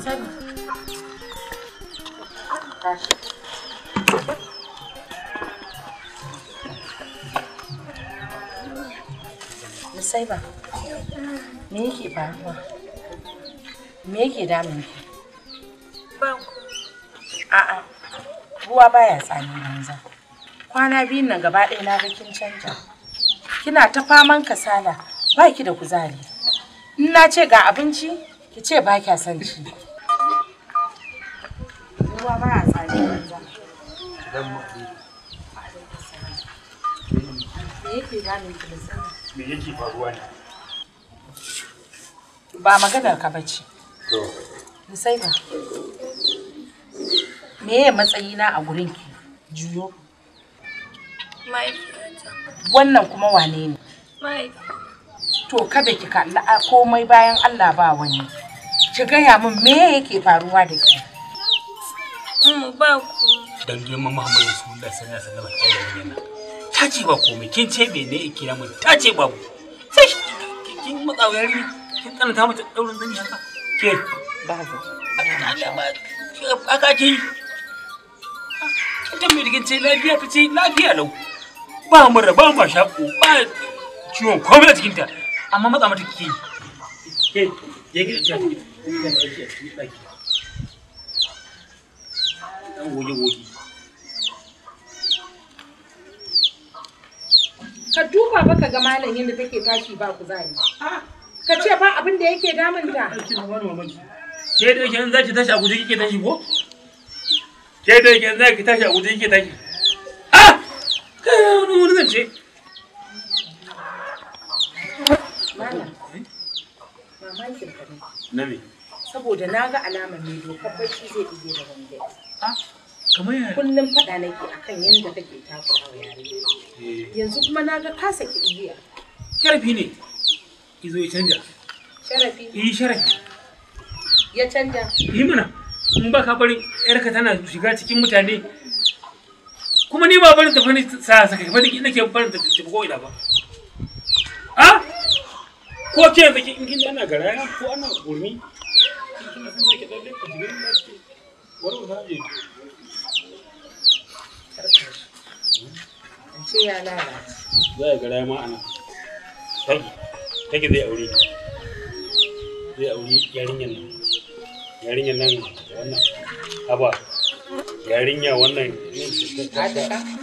sani Nusaiba, me yake faruwa? Me yake damun ki? A'a, ruwa baya tsami banza. Kwana biyun nan gaba ɗaya na kin canja. Kina ta faman kasala, ba ki da kuzari. In na ce ga abinci, ki ce ba kya son ci. ruwa ba a tsari banza da me yake faruwa ne ba maganar ka bace to sai ba matsayi na a gurin ki juyo wannan kuma wane ne to kada ki kalla komai bayan Allah ba wani ki gaya min me yake faruwa da ke Mm, ba ku dan girma Muhammad da sallallahu alaihi wasallam ta ce ba komai kin ce me ne yake ta ce sai kin ne kin mata daurin dan ke ba ku aka mai ce lafiya ta ce lafiya lau ba mura ba ma ba ciwon komai a cikinta amma matsa mata kike ke ta ɗan goge ka duba ba ka ga malam yadda take tashi ba kuzari ka ce ba abin da yake damunta ke da yake za ki tashi a guje kike tashi ko ke da yake za ki tashi a guje kike tashi ah kai wani wani zance Mama, mamaki saboda na ga alama mai dokar barci zai ɗige da wanda ah, kamar yaya kullum faɗa nake akan yadda take takura wa yare eh. yanzu kuma na ga kasa ki igiya sharafi ne izo ya canja sharafi yi sharafi ya canja yi mana in ba ka bari yarka tana shiga cikin mutane kuma ni ba barin tafi ne sa saka kafa dake nake barin tafi ko ina ba Ah! ko ke yanzu kin ana garaya ko ana gurmi ce ya lalace. Za ga rama a nan. Tagi, tagi zai aure. Zai aure yarinyar nan. Yarinyar nan wannan. Haba. Yarinya wannan.